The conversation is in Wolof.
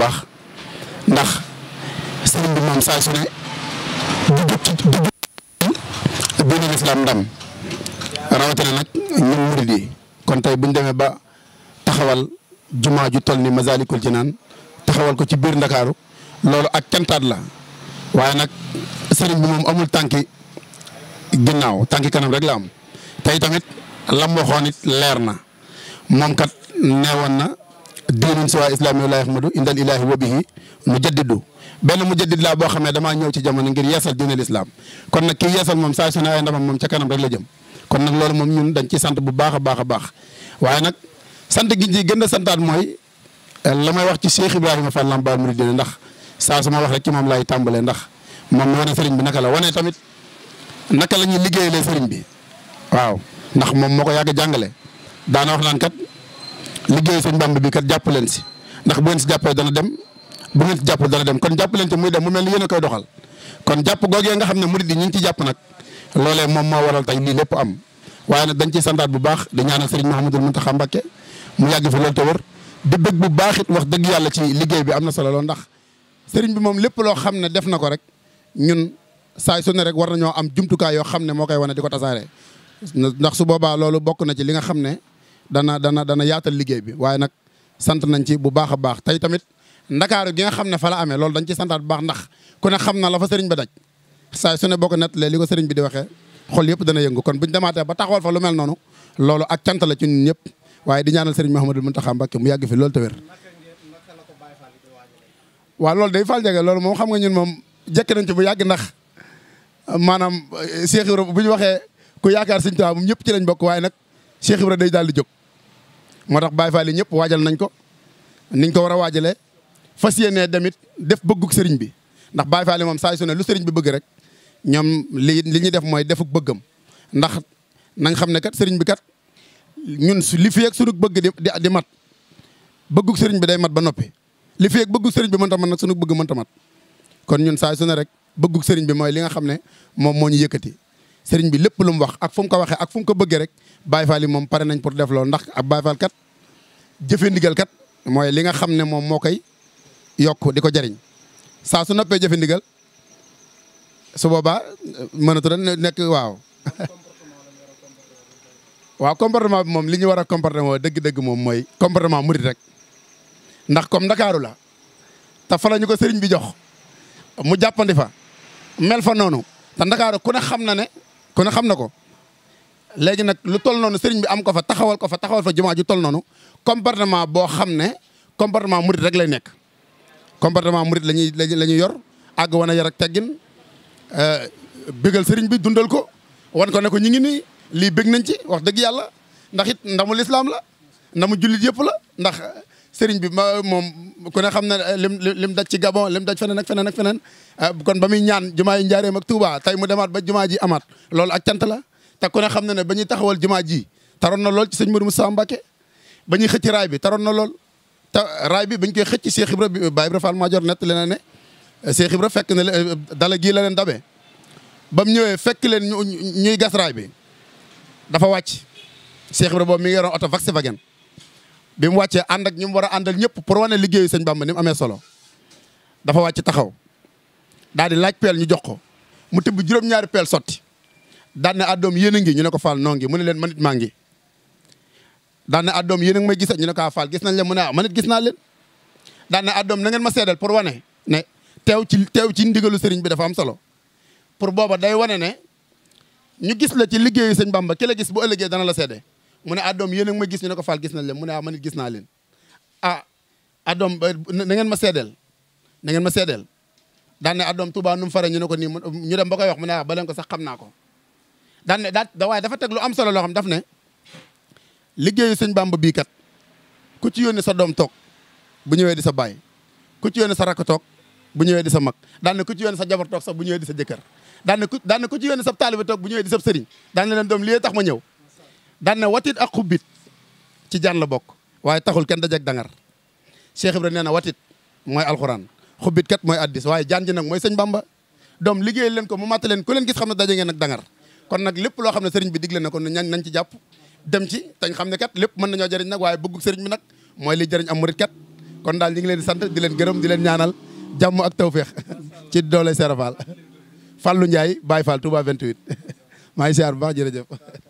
baax ndax sëriñ bi moom saa su ne du jub ci du jub dina lislaam ndam rawatina nag ñun kon tey buñ demee ba taxawal jumaa ju toll ni ci Jinaan taxawal ko ci biir Ndakaaru loolu ak cantaat la waaye nag sëriñ bi moom amul tànki ginnaaw tànki kanam rek la am tey tamit lam it leer na moom neewoon na diinun siwaa islaami wala yahmadu indal ilaahi wa bihi benn mujaddid laa boo xam ne damaa ñëw ci jamono ngir yeesal diinal islaam kon nag kii yeesal moom saa su ne ay ndamam moom ca kanam rek la jëm kon nag loolu moom ñun dañ ci sant bu baax a baax a waaye nag sant gi ñu gën a santaat mooy eh, la may wax ci Cheikh Ibrahima Fall Lamp Baabul Muridiina ndax saa su ma wax rek ci moom laay tàmbalee ndax moom wane sëriñ bi naka la wane tamit naka la ñuy liggéeyalee sëriñ bi waaw ndax moom moo ko yàgg jàngale daana wax naan kat liggéey sëñ Bàmba bi kat jàpp leen si ndax bu ngeen si jàppee dana dem bu ngeen si jàppul dem kon jàpp leen si muy dem mu mel ni yéen a koy doxal kon jàpp googee nga xam ne murid yi ñu ngi ci jàpp nag loolee moom moo waral tey lii lépp am waaye nag dañ ciy santaat bu baax di ñaanal sëriñ Mouhamadul Mountakha Mbacké mu yàgg fi loolu te wër di bëgg bu baax it wax dëgg yàlla ci liggéey bi am na solo lool ndax sëriñ bi moom lépp loo xam ne def na ko rek ñun saay su ne rek war ñoo am jumtukaay yoo xam ne moo koy wane di ko tasaare ndax su boobaa loolu bokk na ci li nga xam ne dana dana dana yaatal liggéey bi waaye nag sant nañ ci bu baax a baax tey tamit ndakaaru gi nga xam ne fa la amee loolu dañ ci santaat bu baax ndax ku ne xam na la fa sëriñ ba daj saa sune ne boo ko li ko sëriñ bi di waxee xol yëpp dana yëngu kon buñ demaatee ba taxawal fa lu mel noonu ak cant la ci ñun ñëpp waaye di ñaanal sëriñ Mouhamadou Mountakha Mbacké mu yàgg fi loolu te wér waaw loolu day fal jege loolu moom xam nga ñun moom jekk nañ ci bu yàgg ndax maanaam eh, Cheikh Ibrahima bu ñu waxee ku yaakaar Sëriñ Tuubaa moom ñëpp ci lañ bokk waaye nag Cheikh Ibrahima day daal di jóg moo tax Baye Fall yi ñëpp waajal nañ ko niñ ko war a waajalee fas yéenee tamit def bëggug sëriñ bi ndax Baye Fall yi moom saa su ne lu sëriñ bi bëgg rek ñoom li li ñuy def mooy defuk bëggam ndax na xam ne kat sëriñ bi kat ñun li fi ak sunu bëgg di di mat bëggug bi day mat ba noppi li fi ak bëggug sëriñ bi mënta mat nag sunu bëgg mënta mat kon ñun saa su rek bëggug sëriñ bi mooy li nga xam ne moom moo ñu yëkkati. sëriñ bi lépp lu mu wax ak fu mu ko waxee ak fu mu ko bëggee rek Baye Fall yi moom pare nañ pour def loolu ndax ak Baye Fall kat jëfe ndigal kat mooy li nga xam ne moom moo koy yokk di ko jariñ saa su noppee jëfe ndigal su boobaa euh, mënatu dañ nekk waaw. waaw comportement bi moom li ñu war a comportement dëgg-dëgg moom mooy comportement murit rek ndax comme ndakaaru la te fa ñu ko sëriñ bi jox mu jàppandi fa mel fa noonu te ndakaaru ku ne xam na ne kon xam na ko léegi nag lu toll noonu sëriñ bi am ko fa taxawal ko fa taxawal fa jumaa ju toll noonu comportement boo xam ne comportement murit rek lay nekk comportement murit la ñuy la yor àgg wan a yar teggin euh, bégal sëriñ bi dundal ko wan ko ne ko ñu ngi nii lii bég nañ ci wax dëgg yàlla ndax it ndamu lislaam la ndamu jullit yëpp la ndax sëriñ bi ma moom ku xam na eh, lim lim daj ci Gabon lim daj feneen ak feneen ak feneen eh, kon ba muy ñaan jumaa yi njaareem ak Touba tey mu demaat ba jumaa ji amaat loolu ak cant la te ku ne xam na ne ba ñuy taxawal jumaa ji taroon na lool ci sëñ Modou Moussa Mbacké ba ñuy xëcc raay bi taroon na lool te raay bi bañ koy xëcc Cheikh Ibra bi Baye Ibra Fall Madior nett le na ne eh, Cheikh fekk na dala gii la leen dabee ba mu ñëwee fekk leen ñuy gas raay bi dafa wàcc Cheikh Ibra boobu mi ngi yoroon oto Volkswagen bi mu wàccee ànd ak ñi war a àndal ñëpp pour wane liggéeyu sëñ Bamba ni mu amee solo dafa wàcc taxaw daal di laaj peel ñu jox ko mu tibb juróom-ñaari peel sotti daan ne addoom yéen a ngi ñu ne ko faal noo mu ne leen man it maa ngi daan ne addoom yéen a ngi may gis ñu ne ko ah faal gis nañ leen mu ne ah man it gis naa leen daan ne addoom na ngeen ma seedal pour wane ne teew ci teew ci ndigalu sëriñ bi dafa am solo pour booba day wane ne ñu gis la ci liggéeyu sëñ Bamba ki la gis bu ëllëgee dana la seede mu ne ah doom yéen ma gis ñu ne ko faal gis na leen mu ne ah gis naa leen ah ah doom na ngeen ma seedeel na ngeen ma seedeel daan ne ah doom Touba faree mu ñu ne ko nii ñu dem ba koy wax mu ne ah ba leen ko sax xam naa ko daan ne daa dafa teg lu am solo loo xam daf ne liggéeyu sëñ Bamba bii kat ku ci yónni sa doom toog bu ñëwee di sa baay ku ci yónni sa rakk toog bu ñëwee di sa mag daan ne ku ci yónni sa jabar toog sax bu ñëwee di sa jëkkër daan ne ku daan ne ku ci yónni bu ñëwee di sa sëriñ daan ne leen doom lii tax ma ñëw daan na watit ak xubbit ci jaan la bokk waaye taxul kenn dajeg dangar Cheikh Ibra nee na watit mooy alxuraan xubbit kat mooy addis waaye jaan ji nag mooy sëñ Bamba doom liggéeyal leen ko mu màtta leen ku leen gis xam ne daje ngeen ak dangar kon nag lépp loo xam ne sëriñ bi digle na ko ñañ nañ ci jàpp dem ci tañ xam ne kat lépp mën nañoo jëriñ nag waaye bëggu sëriñ bi nag mooy li jëriñ am murit kat kon daal ñu ngi leen di sant di leen gërëm di leen jàmm ak tawféex ci doole Serap Fall Fallou Ndiaye Baye Fall Touba 28 maa ngi siyaar bu baax